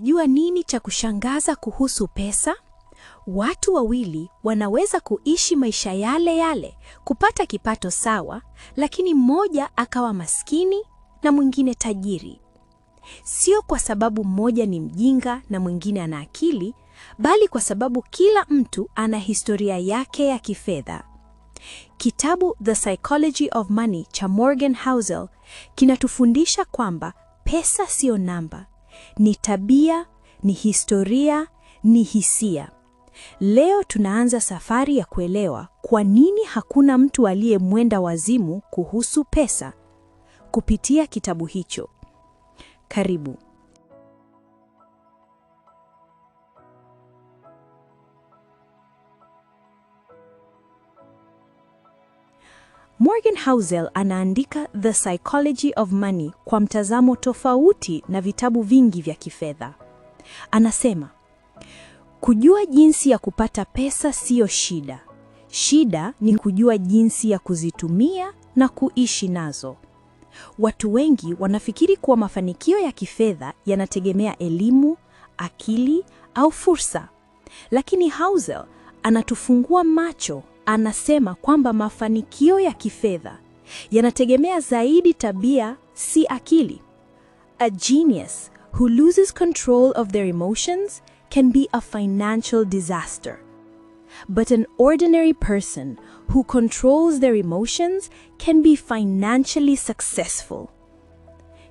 Jua nini cha kushangaza kuhusu pesa? Watu wawili wanaweza kuishi maisha yale yale, kupata kipato sawa, lakini mmoja akawa maskini na mwingine tajiri. Sio kwa sababu mmoja ni mjinga na mwingine ana akili, bali kwa sababu kila mtu ana historia yake ya kifedha. Kitabu The Psychology of Money cha Morgan Housel kinatufundisha kwamba pesa siyo namba ni tabia, ni historia, ni hisia. Leo tunaanza safari ya kuelewa kwa nini hakuna mtu aliyemwenda wazimu kuhusu pesa kupitia kitabu hicho. Karibu. Morgan Housel anaandika The Psychology of Money kwa mtazamo tofauti na vitabu vingi vya kifedha. Anasema, kujua jinsi ya kupata pesa siyo shida. Shida ni kujua jinsi ya kuzitumia na kuishi nazo. Watu wengi wanafikiri kuwa mafanikio ya kifedha yanategemea elimu, akili au fursa. Lakini Housel anatufungua macho anasema kwamba mafanikio ya kifedha yanategemea zaidi tabia, si akili. A genius who loses control of their emotions can be a financial disaster. But an ordinary person who controls their emotions can be financially successful.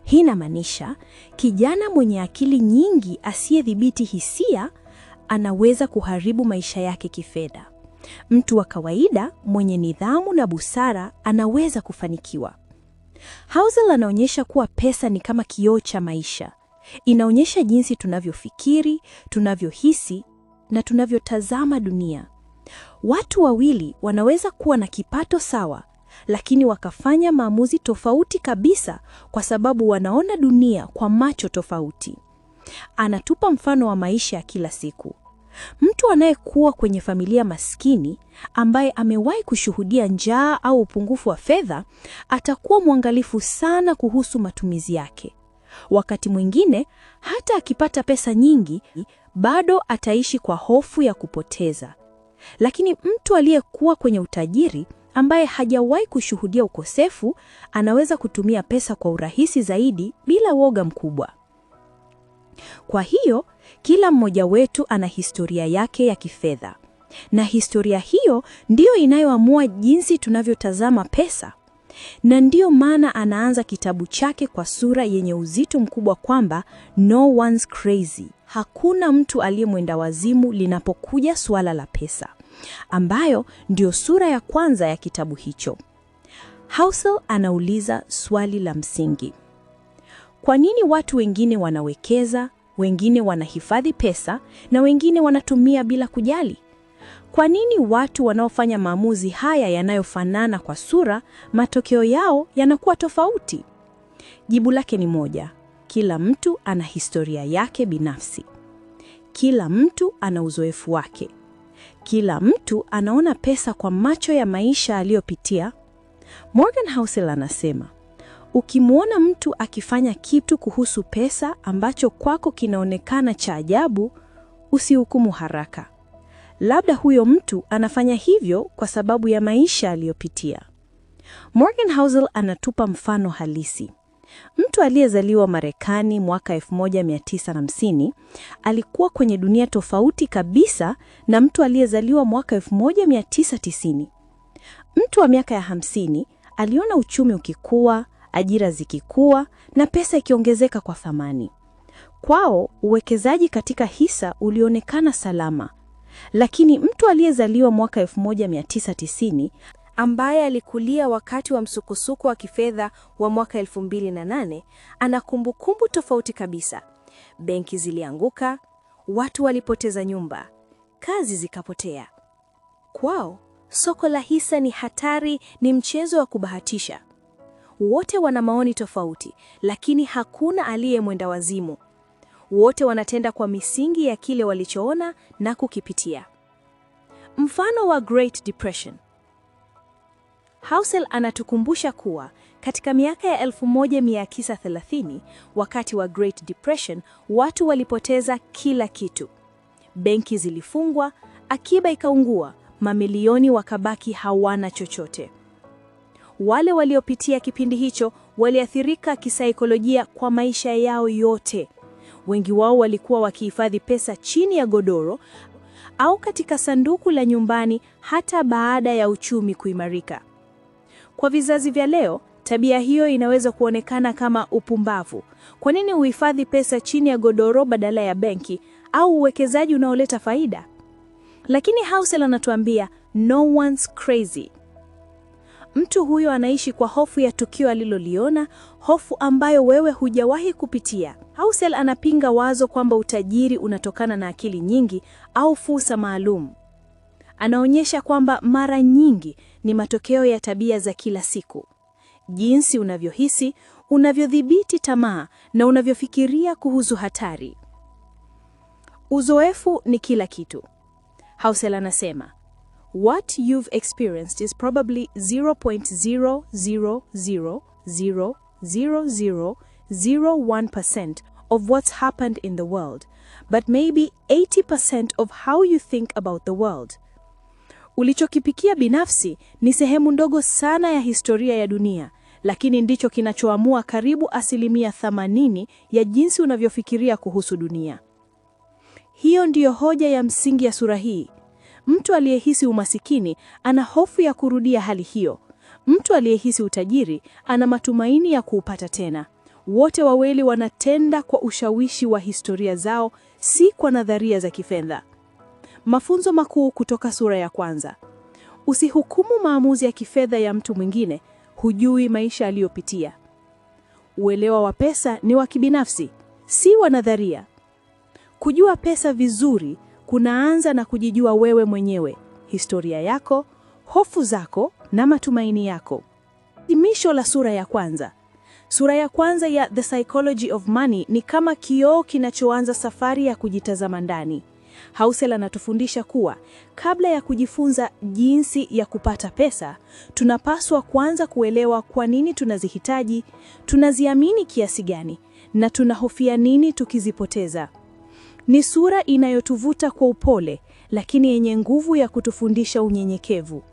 Hii inamaanisha kijana mwenye akili nyingi asiyedhibiti hisia anaweza kuharibu maisha yake kifedha. Mtu wa kawaida mwenye nidhamu na busara anaweza kufanikiwa. Housel anaonyesha kuwa pesa ni kama kioo cha maisha. Inaonyesha jinsi tunavyofikiri, tunavyohisi na tunavyotazama dunia. Watu wawili wanaweza kuwa na kipato sawa, lakini wakafanya maamuzi tofauti kabisa kwa sababu wanaona dunia kwa macho tofauti. Anatupa mfano wa maisha ya kila siku. Mtu anayekuwa kwenye familia maskini ambaye amewahi kushuhudia njaa au upungufu wa fedha atakuwa mwangalifu sana kuhusu matumizi yake. Wakati mwingine hata akipata pesa nyingi, bado ataishi kwa hofu ya kupoteza. Lakini mtu aliyekuwa kwenye utajiri ambaye hajawahi kushuhudia ukosefu anaweza kutumia pesa kwa urahisi zaidi bila woga mkubwa. Kwa hiyo kila mmoja wetu ana historia yake ya kifedha, na historia hiyo ndiyo inayoamua jinsi tunavyotazama pesa. Na ndiyo maana anaanza kitabu chake kwa sura yenye uzito mkubwa kwamba no one's crazy, hakuna mtu aliyemwenda wazimu linapokuja suala la pesa, ambayo ndiyo sura ya kwanza ya kitabu hicho. Housel anauliza swali la msingi. Kwa nini watu wengine wanawekeza, wengine wanahifadhi pesa na wengine wanatumia bila kujali? Kwa nini watu wanaofanya maamuzi haya yanayofanana kwa sura, matokeo yao yanakuwa tofauti? Jibu lake ni moja. Kila mtu ana historia yake binafsi. Kila mtu ana uzoefu wake. Kila mtu anaona pesa kwa macho ya maisha aliyopitia. Morgan Housel anasema Ukimwona mtu akifanya kitu kuhusu pesa ambacho kwako kinaonekana cha ajabu, usihukumu haraka. Labda huyo mtu anafanya hivyo kwa sababu ya maisha aliyopitia. Morgan Housel anatupa mfano halisi. Mtu aliyezaliwa Marekani mwaka 1950 alikuwa kwenye dunia tofauti kabisa na mtu aliyezaliwa mwaka 1990. Mtu wa miaka ya 50 aliona uchumi ukikua, ajira zikikua na pesa ikiongezeka kwa thamani. Kwao uwekezaji katika hisa ulionekana salama, lakini mtu aliyezaliwa mwaka 1990 ambaye alikulia wakati wa msukosuko wa kifedha wa mwaka 2008 ana kumbukumbu tofauti kabisa. Benki zilianguka, watu walipoteza nyumba, kazi zikapotea. Kwao soko la hisa ni hatari, ni mchezo wa kubahatisha. Wote wana maoni tofauti, lakini hakuna aliye mwenda wazimu. Wote wanatenda kwa misingi ya kile walichoona na kukipitia. Mfano wa Great Depression. Housel anatukumbusha kuwa katika miaka ya 1930 wakati wa Great Depression, watu walipoteza kila kitu. Benki zilifungwa, akiba ikaungua, mamilioni wakabaki hawana chochote. Wale waliopitia kipindi hicho waliathirika kisaikolojia kwa maisha yao yote. Wengi wao walikuwa wakihifadhi pesa chini ya godoro au katika sanduku la nyumbani hata baada ya uchumi kuimarika. Kwa vizazi vya leo, tabia hiyo inaweza kuonekana kama upumbavu. Kwa nini uhifadhi pesa chini ya godoro badala ya benki au uwekezaji unaoleta faida? Lakini Housel anatuambia no one's crazy. Mtu huyo anaishi kwa hofu ya tukio aliloliona, hofu ambayo wewe hujawahi kupitia. Housel anapinga wazo kwamba utajiri unatokana na akili nyingi au fursa maalum. Anaonyesha kwamba mara nyingi ni matokeo ya tabia za kila siku, jinsi unavyohisi, unavyodhibiti tamaa na unavyofikiria kuhusu hatari. Uzoefu ni kila kitu, Housel anasema. What you've experienced is probably 0.000000001% of what's happened in the world, but maybe 80% of how you think about the world. Ulichokipikia binafsi ni sehemu ndogo sana ya historia ya dunia, lakini ndicho kinachoamua karibu asilimia 80 ya jinsi unavyofikiria kuhusu dunia. Hiyo ndiyo hoja ya msingi ya sura hii. Mtu aliyehisi umasikini ana hofu ya kurudia hali hiyo. Mtu aliyehisi utajiri ana matumaini ya kuupata tena. Wote wawili wanatenda kwa ushawishi wa historia zao, si kwa nadharia za kifedha. Mafunzo makuu kutoka sura ya kwanza: usihukumu maamuzi ya kifedha ya mtu mwingine, hujui maisha aliyopitia. Uelewa wa pesa ni wa kibinafsi, si wa nadharia. Kujua pesa vizuri kunaanza na kujijua wewe mwenyewe, historia yako, hofu zako na matumaini yako. Hitimisho la sura ya kwanza. Sura ya kwanza ya The Psychology of Money ni kama kioo kinachoanza safari ya kujitazama ndani. Housel anatufundisha kuwa kabla ya kujifunza jinsi ya kupata pesa, tunapaswa kwanza kuelewa kwa nini tunazihitaji, tunaziamini kiasi gani na tunahofia nini tukizipoteza. Ni sura inayotuvuta kwa upole, lakini yenye nguvu ya kutufundisha unyenyekevu.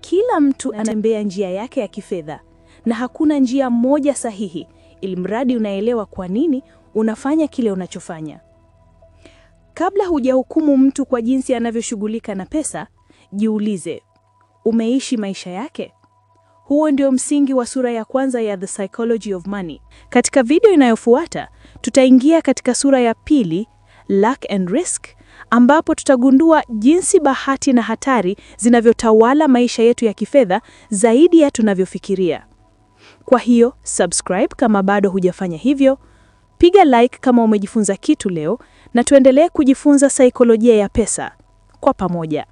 Kila mtu anatembea njia yake ya kifedha na hakuna njia moja sahihi, ili mradi unaelewa kwa nini unafanya kile unachofanya. Kabla hujahukumu mtu kwa jinsi anavyoshughulika na pesa, jiulize, umeishi maisha yake? Huo ndio msingi wa sura ya kwanza ya The Psychology of Money. Katika video inayofuata, tutaingia katika sura ya pili Luck and Risk, ambapo tutagundua jinsi bahati na hatari zinavyotawala maisha yetu ya kifedha zaidi ya tunavyofikiria. Kwa hiyo, subscribe kama bado hujafanya hivyo, piga like kama umejifunza kitu leo na tuendelee kujifunza saikolojia ya pesa kwa pamoja.